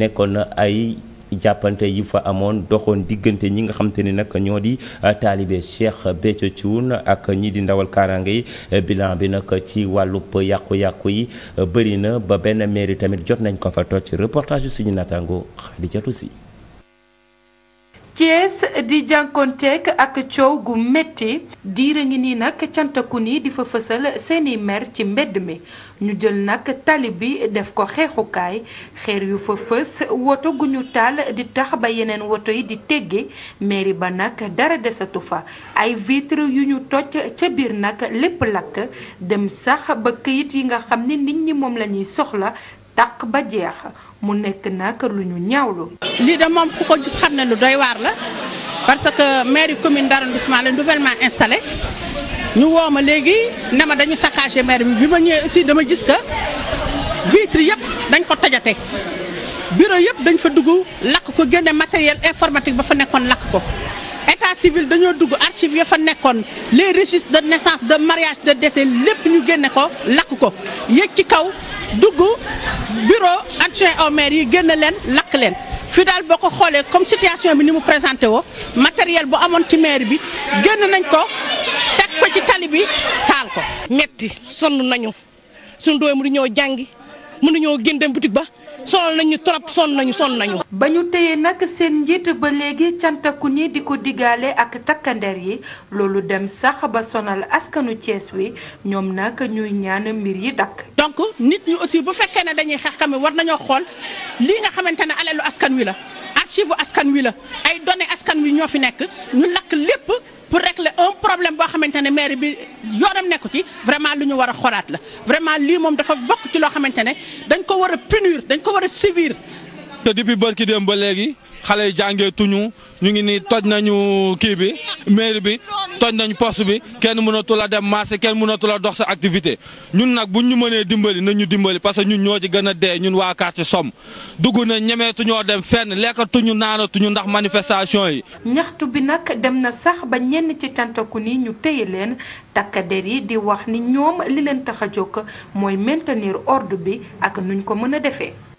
nekkoon na ay jàppante yu fa amoon doxoon diggante ñi nga xamante ni nag ñoo di ah, taalibe Cheikh Béthio Thioune ak ñii di ndawal kaaraange yi eh, bilan bi nag ci wàllub yàqu-yàqu yi eh, bëri na ba benn mairie tamit jot nañ ko fa toj reportage suñu nattangoo naataango Khadijatou si Thiès di jànkonteeg ak coow gu diir a ngi nii nag cantaku nii di fa fësal seeni mer ci mbedd mi ñu jël nag tali bi def ko xeexukaay xeer yu fa fës woto gu ñu taal di tax ba yeneen woto yi di tegge mairie ba nag dara desatu fa ay vitre yu ñu toj ca biir nag lépp lakk dem sax ba këyit yi nga xam ni nit ñi moom lañuy soxla tàkk ba jeex mu nekk naa kër lu ñu ñaawlu. lii de moom ku ko gis xam ne lu doy waar la parce que mairie commune d'arrondissement la nouvellement installé ñu woo ma léegi ne ma dañu saccagé mairie bi bi ma ñëwee aussi dama gis que vitre yëpp dañ ko tojate bureau yëpp dañ fa dugg lakk ko génne matériel informatique ba fa nekkoon lakk ko. état civil dañoo dugg archive ya fa nekkoon les registres de naissance de mariage de décès lépp ñu génne ko lakk ko yéeg ci kaw dugg bureau adjoint au maire yi génne leen lakk leen fii daal boo ko xoolee comme situation bi ni mu présenté woo matériel bu amoon ci maire bi génn nañ ko teg ko ci tali bi taal ko metti sonn nañu suñu doom mënuñoo jàngi ñëw génn dem boutique ba sonal nañu trop sonn nañu sonn nañu. ba ñu téye nag seen njiit ba léegi cantaku ni di ko diggaale ak takkandeer yi loolu dem sax ba sonal askanu Thiès wi ñoom nag ñuy ñaan mbir yi dakk donc nit ñu aussi bu fekkee ne dañuy xeex tamit war nañoo xool lii nga xamante ne alalu askan wi la archive askan wi la ay données askan wi ñoo fi nekk ñu lakk lépp. pour régler un problème boo xamante ne maire bi yoonam nekku ci vraiment lu ñu war a xoraat la vraiment lii moom dafa bokk ci loo xamante ne dañ ko war a punir dañ ko war a sévir te depuis barki dem ba léegi xale yi jàngeetuñu ñu ngi nii toj nañu kii bi mairie bi toj nañ poste bi kenn mënatul a dem marché kenn mënatul dox sa activité ñun nag bu ñu mënee dimbali nañ ñu dimbali parce que ñun ñoo ci gën a dee ñun waa quartier Somme dugg na ñemeetuñoo dem fenn lekkatuñu naanatuñu ndax manifestation yi. ñaxtu bi nag dem na sax ba ñenn ci cantaku ni ñu téye leen takk der yi di wax ni ñoom li leen tax a jóg mooy maintenir ordre bi ak nuñ ko mën a defee.